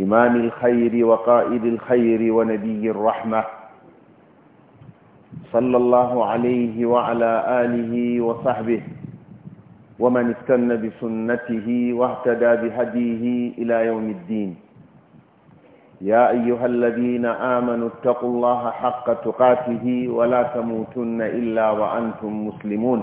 إمام الخير وقائد الخير ونبي الرحمة صلى الله عليه وعلى آله وصحبه ومن استنى بسنته واهتدى بهديه إلى يوم الدين يا أيها الذين آمنوا اتقوا الله حق تقاته ولا تموتن إلا وأنتم مسلمون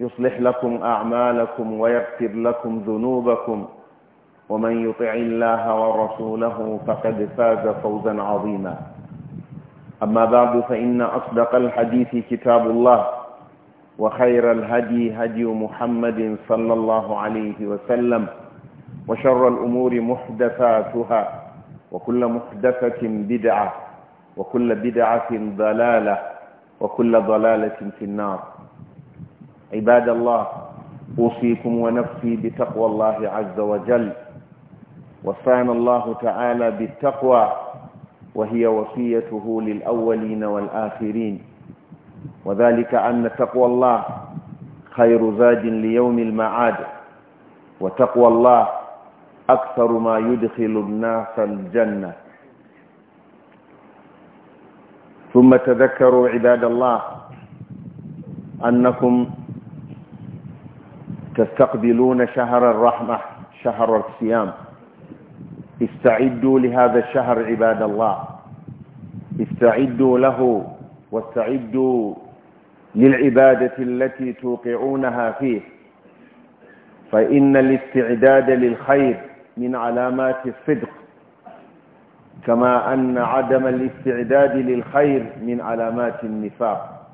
يصلح لكم أعمالكم ويغفر لكم ذنوبكم ومن يطع الله ورسوله فقد فاز فوزا عظيما أما بعد فإن أصدق الحديث كتاب الله وخير الهدي هدي محمد صلى الله عليه وسلم وشر الأمور محدثاتها وكل محدثة بدعة وكل بدعة ضلالة وكل ضلالة في النار عباد الله أوصيكم ونفسي بتقوى الله عز وجل وصان الله تعالى بالتقوى وهي وصيته للأولين والآخرين وذلك أن تقوى الله خير زاد ليوم المعاد وتقوى الله أكثر ما يدخل الناس الجنة ثم تذكروا عباد الله أنكم تستقبلون شهر الرحمة شهر الصيام استعدوا لهذا الشهر عباد الله استعدوا له واستعدوا للعبادة التي توقعونها فيه فإن الاستعداد للخير من علامات الصدق كما أن عدم الاستعداد للخير من علامات النفاق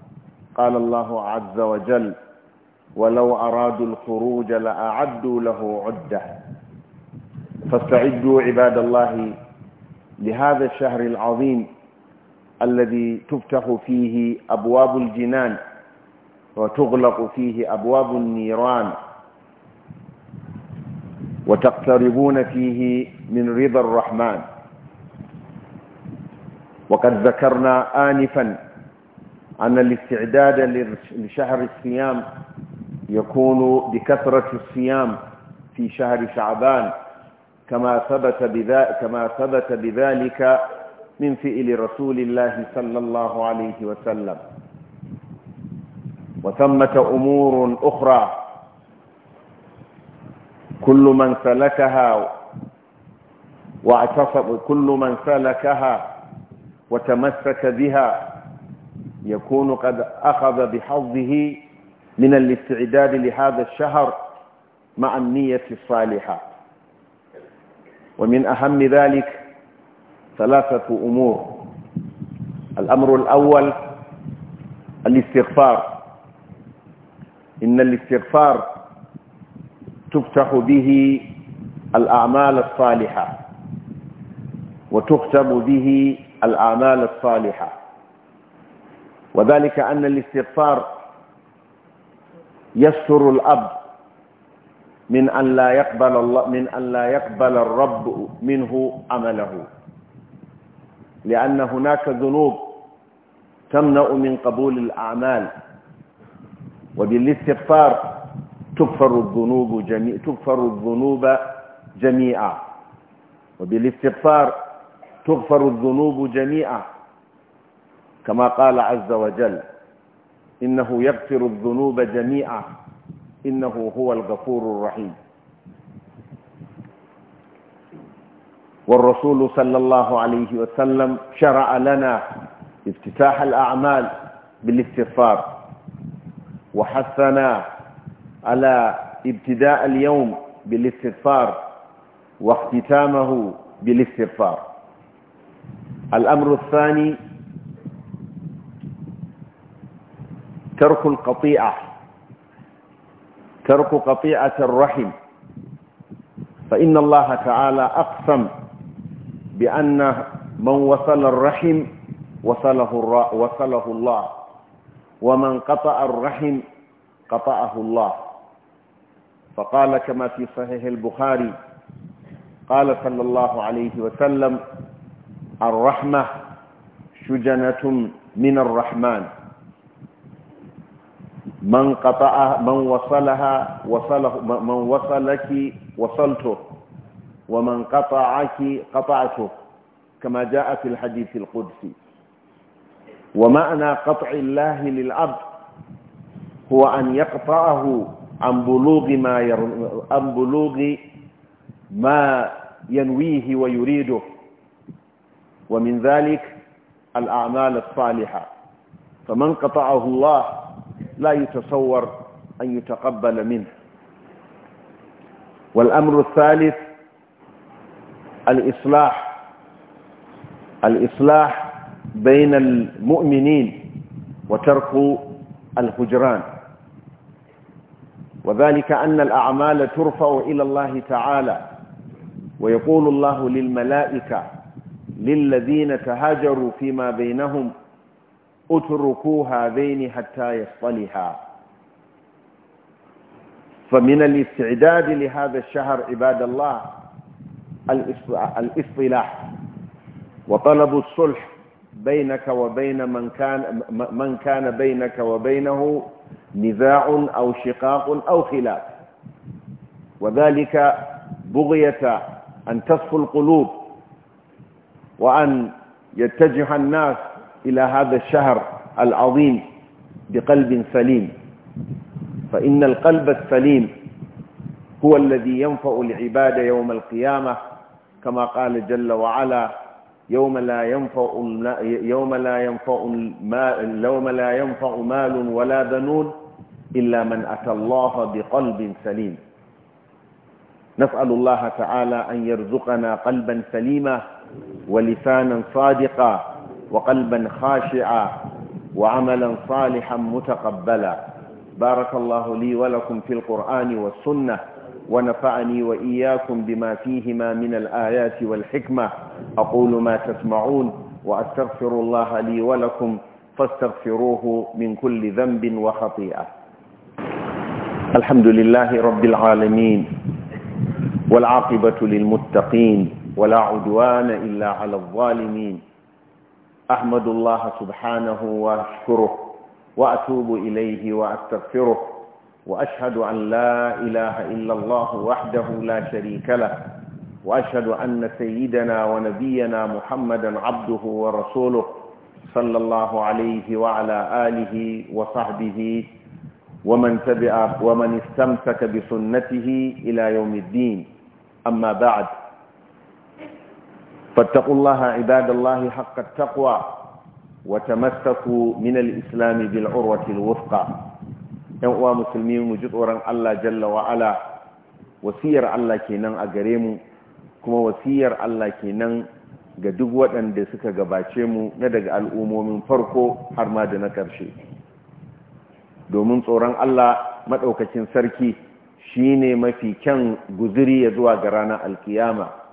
قال الله عز وجل ولو أرادوا الخروج لأعدوا له عدة فاستعدوا عباد الله لهذا الشهر العظيم الذي تفتح فيه أبواب الجنان وتغلق فيه أبواب النيران وتقتربون فيه من رضا الرحمن وقد ذكرنا آنفا أن الاستعداد لشهر الصيام يكون بكثرة الصيام في شهر شعبان كما ثبت بذلك, كما ثبت بذلك من فئل رسول الله صلى الله عليه وسلم وثمة أمور أخرى كل من سلكها واعتصم كل من سلكها وتمسك بها يكون قد أخذ بحظه من الاستعداد لهذا الشهر مع النية الصالحة ومن أهم ذلك ثلاثة أمور الأمر الأول الاستغفار إن الاستغفار تفتح به الأعمال الصالحة وتختم به الأعمال الصالحة وذلك أن الاستغفار يستر الأب من أن لا يقبل الله من أن لا يقبل الرب منه عمله لأن هناك ذنوب تمنع من قبول الأعمال وبالاستغفار تغفر الذنوب جميع تغفر الذنوب جميعا وبالاستغفار تغفر الذنوب جميعا كما قال عز وجل إنه يغفر الذنوب جميعا إنه هو الغفور الرحيم والرسول صلى الله عليه وسلم شرع لنا افتتاح الأعمال بالاستغفار وحثنا على ابتداء اليوم بالاستغفار واختتامه بالاستغفار الأمر الثاني ترك القطيعة ترك قطيعة الرحم فإن الله تعالى أقسم بأن من وصل الرحم وصله, وصله الله ومن قطع الرحم قطعه الله فقال كما في صحيح البخاري قال صلى الله عليه وسلم الرحمة شجنة من الرحمن من قطعها من وصلها وصله من وصلك وصلته ومن قطعك قطعته كما جاء في الحديث القدسي ومعنى قطع الله للعبد هو أن يقطعه عن بلوغ ما ير... عن بلوغ ما ينويه ويريده ومن ذلك الأعمال الصالحة فمن قطعه الله لا يتصور أن يتقبل منه والأمر الثالث الإصلاح الإصلاح بين المؤمنين وترك الهجران وذلك أن الأعمال ترفع إلى الله تعالى ويقول الله للملائكة للذين تهاجروا فيما بينهم اتركوا هذين حتى يصطلحا فمن الاستعداد لهذا الشهر عباد الله الاصطلاح وطلب الصلح بينك وبين من كان من كان بينك وبينه نزاع او شقاق او خلاف وذلك بغيه ان تصفو القلوب وان يتجه الناس إلى هذا الشهر العظيم بقلب سليم فإن القلب السليم هو الذي ينفع العباد يوم القيامة كما قال جل وعلا يوم لا ينفع يوم لا ينفع مال يوم لا ينفع مال ولا بنون إلا من أتى الله بقلب سليم نسأل الله تعالى أن يرزقنا قلبا سليما ولسانا صادقا وقلبا خاشعا وعملا صالحا متقبلا بارك الله لي ولكم في القرآن والسنة ونفعني وإياكم بما فيهما من الآيات والحكمة أقول ما تسمعون وأستغفر الله لي ولكم فاستغفروه من كل ذنب وخطيئة الحمد لله رب العالمين والعاقبة للمتقين ولا عدوان إلا على الظالمين أحمد الله سبحانه وأشكره وأتوب إليه وأستغفره وأشهد أن لا إله إلا الله وحده لا شريك له وأشهد أن سيدنا ونبينا محمدا عبده ورسوله صلى الله عليه وعلى آله وصحبه ومن تبع ومن استمسك بسنته إلى يوم الدين أما بعد فاتقوا الله عباد الله حق التقوى وتمسكوا من الإسلام بالعروة الوثقى ينقوى مسلمين tsoron Allah Jalla وعلا wasiyar Allah kenan a gare mu kuma wasiyar Allah kenan ga duk waɗanda suka gabace mu na daga al'ummomin farko har ma da na ƙarshe domin tsoron Allah maɗaukacin sarki shine mafi kyan guziri ya zuwa ga ranar alkiyama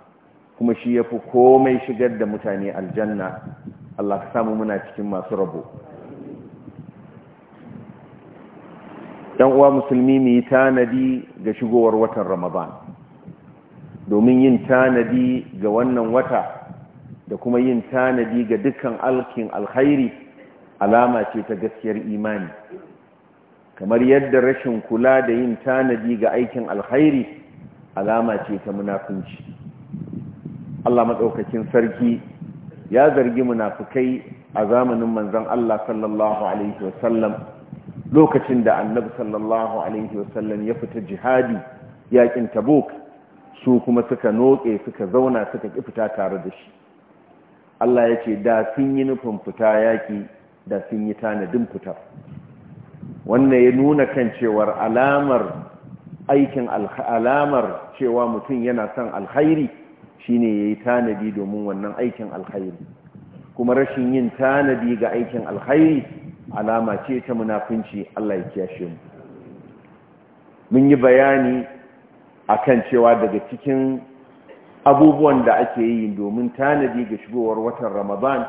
kuma shi ya fi komai shigar da mutane aljanna Allah ka samu muna cikin masu rabo ɗan uwa musulmi mu tanadi ga shigowar watan ramadan domin yin tanadi ga wannan wata da kuma yin tanadi ga dukkan alkin alkhairi alama ce ta gaskiyar imani kamar yadda rashin kula da yin tanadi ga aikin alkhairi alama ce ta munafunci Allah maɗaukakin sarki ya zargi munafukai a zamanin manzon Allah sallallahu alaihi wasallam lokacin da annabi sallallahu alaihi wasallam ya fita jihadi yakin tabuk su kuma suka noke suka zauna suka ƙi fita tare da shi Allah ya ce da sun yi nufin fita yaƙi, da sun yi tanadin fita wannan ya nuna kan cewar alamar aikin alamar cewa mutum yana son alkhairi shine yi tanadi domin wannan aikin alkhairi kuma rashin yin tanadi ga aikin alkhairi alama ce ta munafunci Allah ya kiyashe mu mun yi bayani a kan cewa daga cikin abubuwan da ake yi domin tanadi ga shigowar watan Ramadan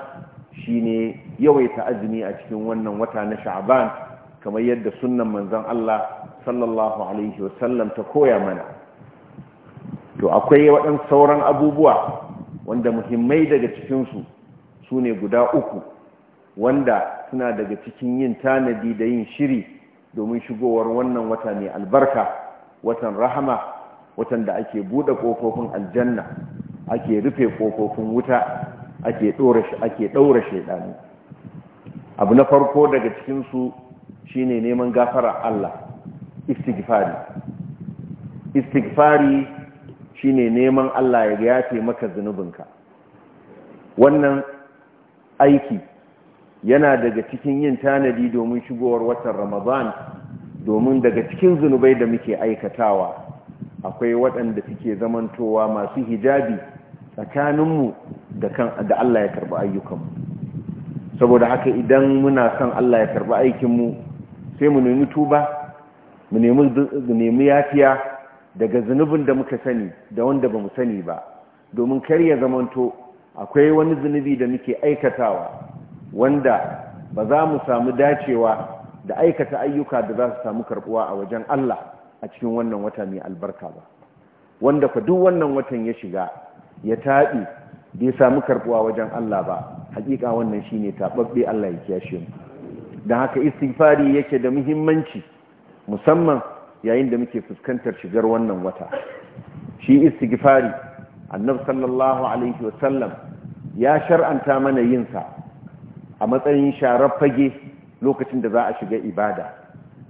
shine yawaita azumi a cikin wannan wata na sha'aban, kamar yadda sunnan manzon Allah sallallahu alaihi wasallam ta koya mana to akwai waɗan sauran abubuwa wanda muhimmai daga cikinsu su ne guda uku wanda suna daga cikin yin tanadi da yin shiri domin shigowar wannan wata mai albarka watan rahama watan da ake buɗe ƙofofin aljanna ake rufe ƙofofin wuta ake ɗaura shaiɗani abu na farko daga cikinsu shine neman gafara Allah istighfari istighfari ne neman Allah ya yafe maka zunubinka wannan aiki yana daga cikin yin tanadi domin shigowar watan Ramadan domin daga cikin zunubai da muke aikatawa akwai waɗanda suke zamantowa masu hijabi tsakaninmu da kan da Allah ya karɓi ayyukanmu saboda haka idan muna son Allah ya karɓi aikinmu sai mu nemi tuba mu nemi yafiya daga zunubin da muka sani da wanda ba mu sani ba domin kar ya zamanto akwai wani zunubi da muke aikatawa wanda ba za mu samu dacewa da aikata ayyuka da za su samu karbuwa a wajen Allah a cikin wannan wata mai albarka ba wanda ka duk wannan watan ya shiga ya taɓi bai samu karbuwa wajen Allah ba hakika wannan shine taɓaɓɓe Allah ya kiyashe mu don haka istighfari yake da muhimmanci musamman yayin da muke fuskantar shigar wannan wata shi istighfari annab sallallahu alaihi wasallam ya shar'anta mana yinsa a matsayin sharar fage lokacin da za a shiga ibada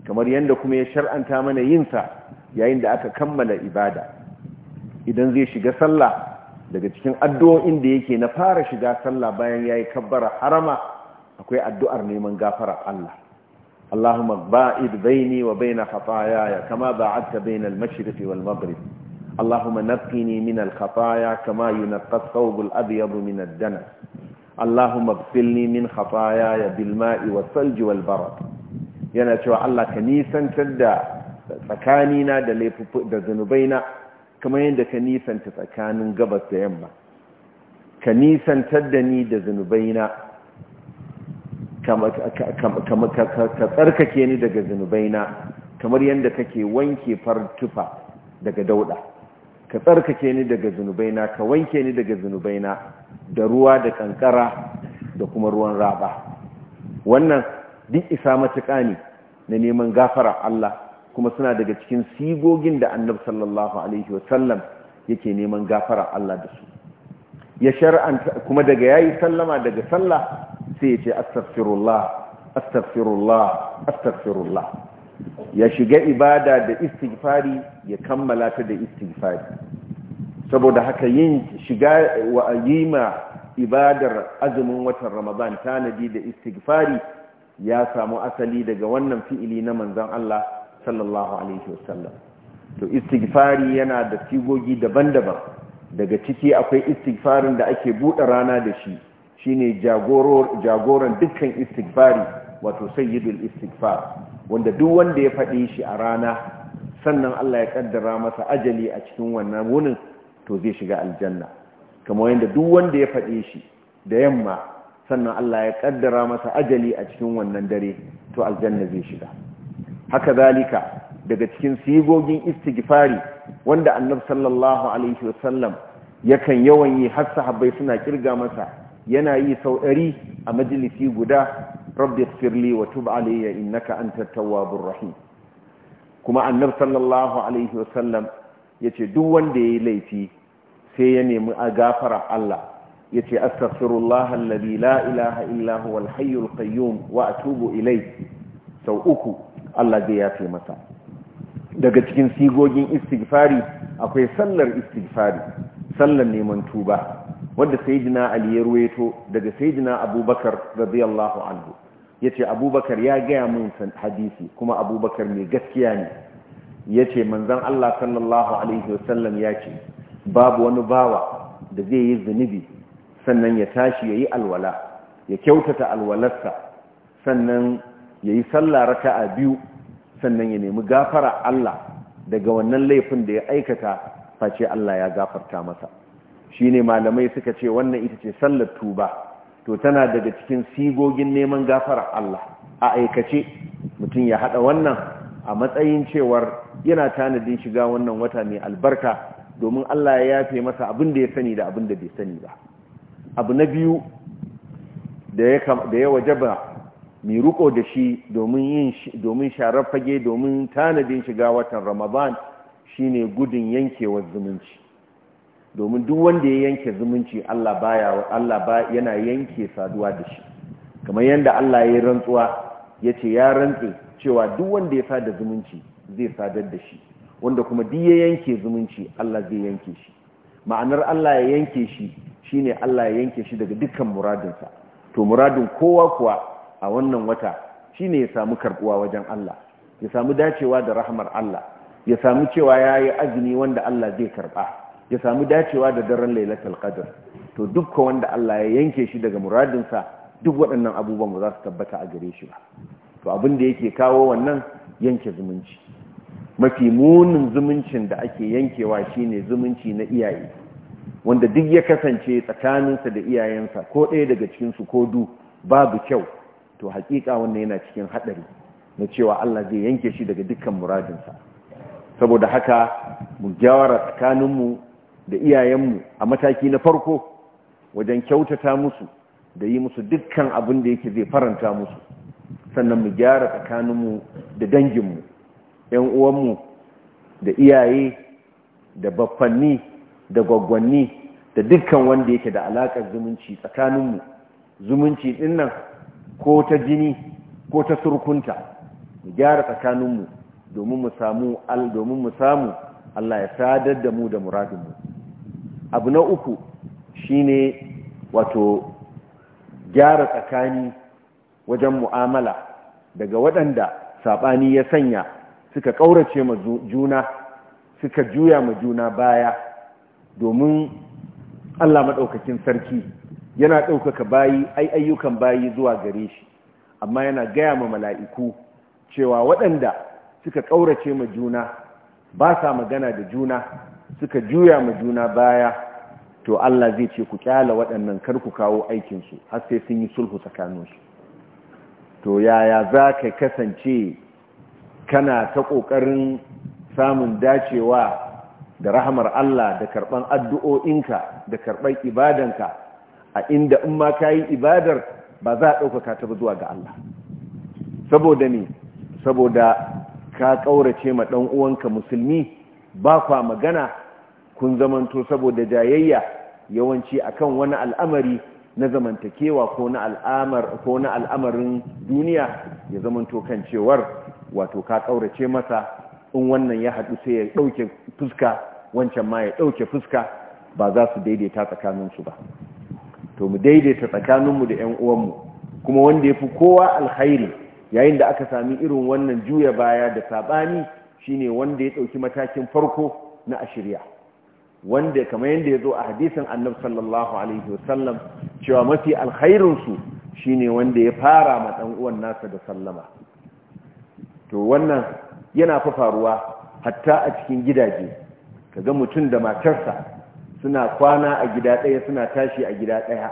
kamar yadda kuma ya shar'anta mana yinsa yayin da aka kammala ibada idan zai shiga sallah daga cikin addu'o'in da yake na fara shiga sallah bayan yayi kabbara harama akwai addu'ar neman gafara Allah اللهم باعد بيني وبين خطاياي كما باعدت بين المشرق والمغرب اللهم نقني من الخطايا كما ينقى الثوب الأبيض من الدنس اللهم اغسلني من خطاياي بالماء والثلج والبرد يا cewa الله كنيسا تدا سكانينا tsakanina كما da كنيسا kamar yadda ka كنيسا تدني gabas ka tsarkake ni daga zunubaina kamar yadda kake wanke fartufa daga dauda ka tsarkake ni daga zunubaina ka wanke ni daga zunubaina da ruwa da kankara da kuma ruwan raba wannan duk isa matuƙa ne na neman gafara Allah kuma suna daga cikin sigogin da annabi sallallahu alaihi wasallam yake neman gafara Allah da su ya shar'anta kuma daga yayi sallama daga sallah sai ya ce astaghfirullah astaghfirullah ya shiga ibada da istighfari ya kammala ta da istighfari saboda haka yin shiga wa ayyima ibadar azumin watan ramadan tanadi da istighfari ya samu asali daga wannan fi'ili na manzon Allah sallallahu alaihi wasallam to istighfari yana da sigogi daban-daban daga ciki akwai istighfarin da ake buɗe rana da shi shine jagoran dukkan istighfari wato sayyidul istighfar wanda duk wanda ya faɗi shi a rana sannan Allah ya kaddara masa ajali a cikin wannan wunin to zai shiga aljanna kamar yadda duk wanda ya fadi shi da yamma sannan Allah ya kaddara masa ajali a cikin wannan dare to aljanna zai shiga haka zalika daga cikin sigogin istighfari wanda annabi sallallahu alaihi wasallam yakan yawan yi har sahabbai suna kirga masa yana yi sau ɗari a majalisi guda rabbi firli wa tuba alayya innaka anta tawwabur rahim kuma annab sallallahu alaihi wasallam yace duk wanda yayi laifi sai ya nemi a gafara Allah yace astaghfirullah alladhi la ilaha illa huwa alhayyul qayyum wa atubu sau uku Allah zai yafe masa daga cikin sigogin istighfari akwai sallar istighfari sallan neman tuba wanda sayyidina ali ya ruwaito daga sayyidina abubakar radiyallahu anhu yace abubakar ya gaya mun hadisi kuma abubakar mai gaskiya ne yace manzon Allah sallallahu alaihi wasallam yace babu wani bawa da zai yi zunubi sannan ya tashi yayi alwala ya kyautata alwalarsa sannan yayi sallah raka'a biyu sannan ya nemi gafara Allah daga wannan laifin da ya aikata face Allah ya gafarta masa shine malamai suka ce wannan ita ce sallar tuba to tana daga cikin sigogin neman gafarar Allah a aikace mutum ya haɗa wannan a matsayin cewar yana tanadin shiga wannan wata mai albarka domin Allah ya yafe masa abin da ya sani da abin da bai sani ba abu na biyu da ya wajaba mai ruko da shi domin sharar fage domin tanadin shiga watan ramadan shine gudun yankewar zumunci domin duk wanda ya yanke zumunci Allah Allah ba yana yanke saduwa da shi kamar yadda Allah ya rantsuwa yace ya rantse cewa duk wanda ya sada zumunci zai sadar da shi wanda kuma duk ya yanke zumunci Allah zai yanke shi ma'anar Allah ya yanke shi shine Allah ya yanke shi daga dukkan muradinsa to muradin kowa kuwa a wannan wata shine ya samu karbuwa wajen Allah ya samu dacewa da rahmar Allah ya samu cewa ya yi azumi wanda Allah zai karba. ya samu dacewa da daren lailatul qadr to dukka wanda Allah ya yanke shi daga muradinsa duk waɗannan abubuwan ba za su tabbata a gare shi ba to abin da yake kawo wannan yanke zumunci mafi munin zumuncin da ake yankewa shine zumunci na iyaye wanda duk ya kasance tsakaninsa da iyayensa ko ɗaya daga cikin su ko du babu kyau to haƙiƙa wannan yana cikin haɗari na cewa Allah zai yanke shi daga dukkan muradinsa saboda haka mu gyara tsakaninmu da iyayenmu a mataki na farko wajen kyautata musu da yi musu dukkan abin da yake zai faranta musu sannan mu gyara tsakaninmu da danginmu ‘yan uwanmu da iyaye da baffanni da gwaggwanni da dukkan wanda yake da alaƙar zumunci tsakaninmu zumunci ɗinnan ko ta jini ko ta surkunta mu gyara tsakaninmu domin mu samu domin mu samu Allah ya sadar da mu da muradinmu abu na uku shine wato gyara tsakani wajen mu'amala daga waɗanda saɓani ya sanya suka ƙaurace ma juna suka juya ma juna baya domin Allah maɗaukakin sarki yana ɗaukaka bayi ai ayyukan bayi zuwa gare shi amma yana gaya ma mala'iku cewa waɗanda suka ƙaurace ma juna ba sa magana da juna suka juya ma juna baya to Allah zai ce ku kyala waɗannan kar ku kawo aikinsu har sai sun yi sulhu tsakaninsu to yaya za ka kasance kana ta ƙoƙarin samun dacewa da rahamar Allah da karɓan addu'o'inka da karɓar ibadanka a inda in ma ka yi ibadar ba za a ɗaukaka ta zuwa ga Allah saboda ne saboda ka ƙaurace ma ɗan uwanka musulmi ba kwa magana kun zamanto saboda jayayya yawanci akan wani al'amari na zamantakewa ko na al'amar ko na al'amarin duniya ya zamanto kan cewar wato ka ƙaurace masa in wannan ya haɗu sai ya ɗauke fuska wancan ma ya ɗauke fuska ba za su daidaita tsakaninsu ba to mu daidaita tsakaninmu da 'yan uwanmu kuma wanda ya fi kowa alkhairi yayin da aka sami irin wannan juya baya da saɓani shine wanda ya ɗauki matakin farko na ashirya wanda kamar yadda ya zo a hadisin annabi sallallahu alaihi wasallam cewa mafi su shine wanda ya fara ma ɗan uwan nasa da sallama to wannan yana fa faruwa hatta a cikin gidaje kaga mutum da matarsa suna kwana a gida ɗaya suna tashi a gida ɗaya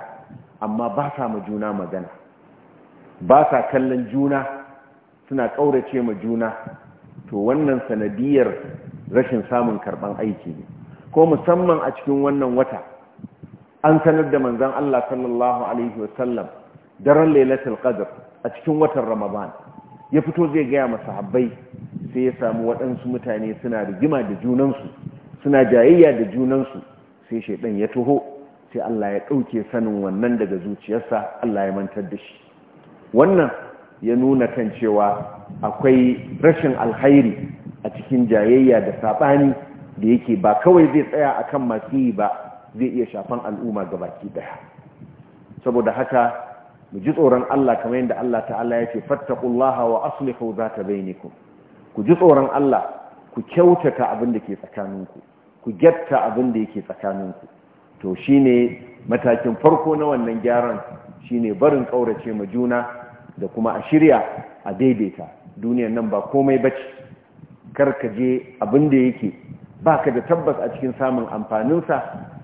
amma ba sa ma juna magana ba sa kallon juna suna ƙaurace ma juna to wannan sanadiyar rashin samun karɓan aiki ne ko musamman a cikin wannan wata an sanar da manzan Allah sallallahu alaihi wasallam daren lailatul qadr a cikin watan ramadan ya fito zai gaya masa habbai sai ya samu waɗansu mutane suna rigima da junansu suna jayayya da junansu sai shaidan ya tuho, sai Allah ya ɗauke sanin wannan daga zuciyarsa Allah ya mantar da shi wannan ya nuna kan cewa akwai rashin alhairi a cikin jayayya da saɓani da yake ba kawai zai tsaya a kan masu yi ba zai iya shafan al'umma ga baki daya saboda haka mu ji tsoron Allah kamar yadda Allah ta'ala ya ce fattakullaha wa aslihu zata bainakum ku ji tsoron Allah ku kyautata abin da ke tsakaninku ku gyatta abin da yake tsakaninku to shine matakin farko na wannan gyaran shine barin ƙaurace ma juna da kuma a shirya a daidaita duniyan nan ba komai ba bace karka je abin da yake baka da tabbas a cikin samun amfaninsa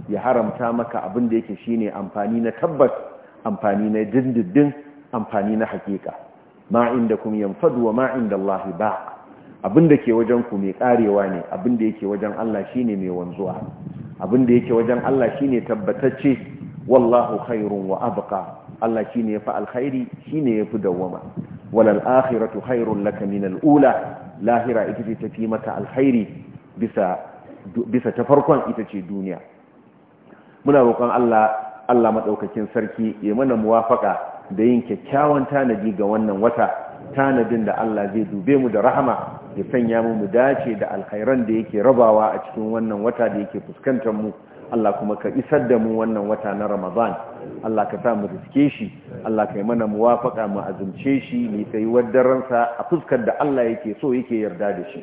ya haramta maka abin da yake shine amfani na tabbas amfani na dindindin amfani na hakika ma inda kum yanfadu wa ma inda Allah ba abin da ke wajen ku mai karewa ne abin da yake wajen Allah shine mai wanzuwa abin da yake wajen Allah shine tabbatacce wallahu khairun wa abqa Allah shi ne ya fi alkhairi shi ne ya fi dawwama walal akhiratu khairun laka min al'ula lahira ita ce tafi maka alkhairi bisa ta farkon ita ce duniya muna roƙon Allah Allah madaukakin sarki ya mana muwafaka da yin kyakkyawan tanadi ga wannan wata tanadin da Allah zai dube mu da rahama ya sanya mu mu dace da alkhairan da yake rabawa a cikin wannan wata da yake fuskantar mu Allah kuma ka isar da mu wannan wata na Ramadan Allah ka sa mu riske shi Allah ka yi mana muwafaka mu azumce shi ni sai sa a fuskar da Allah yake so yake yarda da shi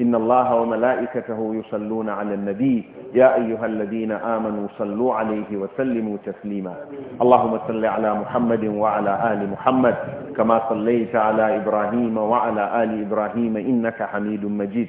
inna Allah wa mala'ikatahu yusalluna 'alan nabi يا أيها الذين آمنوا صلوا عليه وسلموا تسليما اللهم صل على محمد وعلى آل محمد كما صليت على إبراهيم وعلى آل إبراهيم إنك حميد مجيد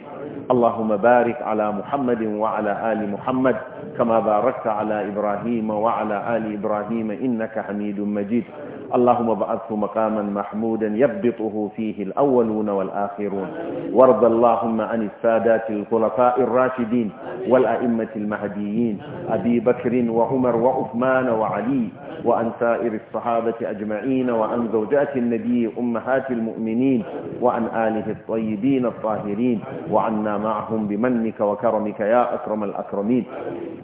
اللهم بارك على محمد وعلى آل محمد كما باركت على إبراهيم وعلى آل إبراهيم إنك حميد مجيد اللهم ابعثه مقاما محمودا يبطه فيه الأولون والآخرون وارض اللهم عن السادات الخلفاء الراشدين والأئمة المهديين أبي بكر وعمر وعثمان وعلي وعن سائر الصحابة أجمعين وعن زوجات النبي أمهات المؤمنين وعن آله الطيبين الطاهرين وعنا معهم بمنك وكرمك يا أكرم الأكرمين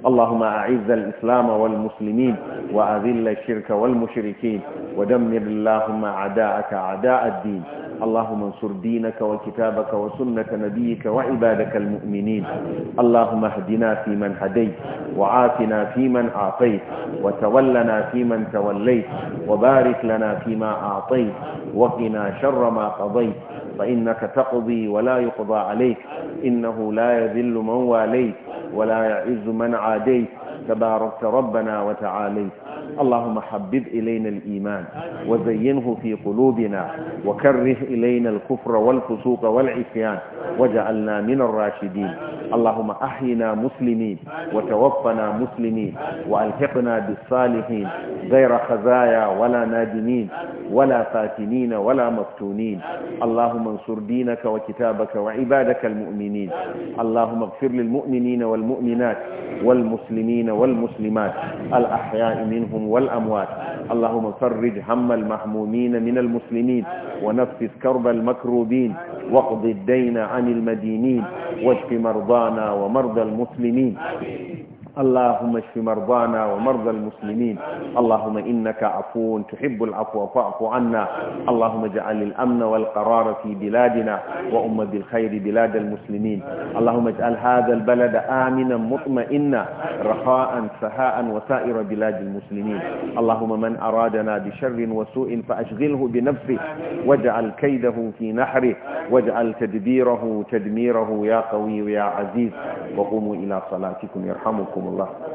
اللهم أعز الإسلام والمسلمين وأذل الشرك والمشركين ودمر اللهم أعداءك أعداء الدين اللهم انصر دينك وكتابك وسنة نبيك وعبادك المؤمنين اللهم اهدنا فيمن هديت وعافنا فيمن عافيت وتولنا فيمن من توليت وبارك لنا فيما أعطيت وقنا شر ما قضيت فإنك تقضي ولا يقضى عليك إنه لا يذل من واليت ولا يعز من عاديت تباركت ربنا وتعاليت اللهم حبب إلينا الإيمان وزينه في قلوبنا وكره إلينا الكفر والفسوق والعصيان وجعلنا من الراشدين اللهم أحينا مسلمين وتوفنا مسلمين وألحقنا بالصالحين غير خزايا ولا نادمين ولا فاتنين ولا مفتونين اللهم انصر دينك وكتابك وعبادك المؤمنين اللهم اغفر للمؤمنين والمؤمنات والمسلمين والمسلمات الأحياء منهم والأموات اللهم فرج هم المحمومين من المسلمين ونفس كرب المكروبين واقض الدين عن المدينين واشف مرضانا ومرضى المسلمين اللهم اشف مرضانا ومرضى المسلمين اللهم إنك عفو تحب العفو فاعف عنا اللهم اجعل الأمن والقرار في بلادنا وأمة بالخير بلاد المسلمين اللهم اجعل هذا البلد آمنا مطمئنا رخاء سهاء وسائر بلاد المسلمين اللهم من أرادنا بشر وسوء فأشغله بنفسه واجعل كيده في نحره واجعل تدبيره تدميره يا قوي يا عزيز وقوموا إلى صلاتكم يرحمكم rahimakumullah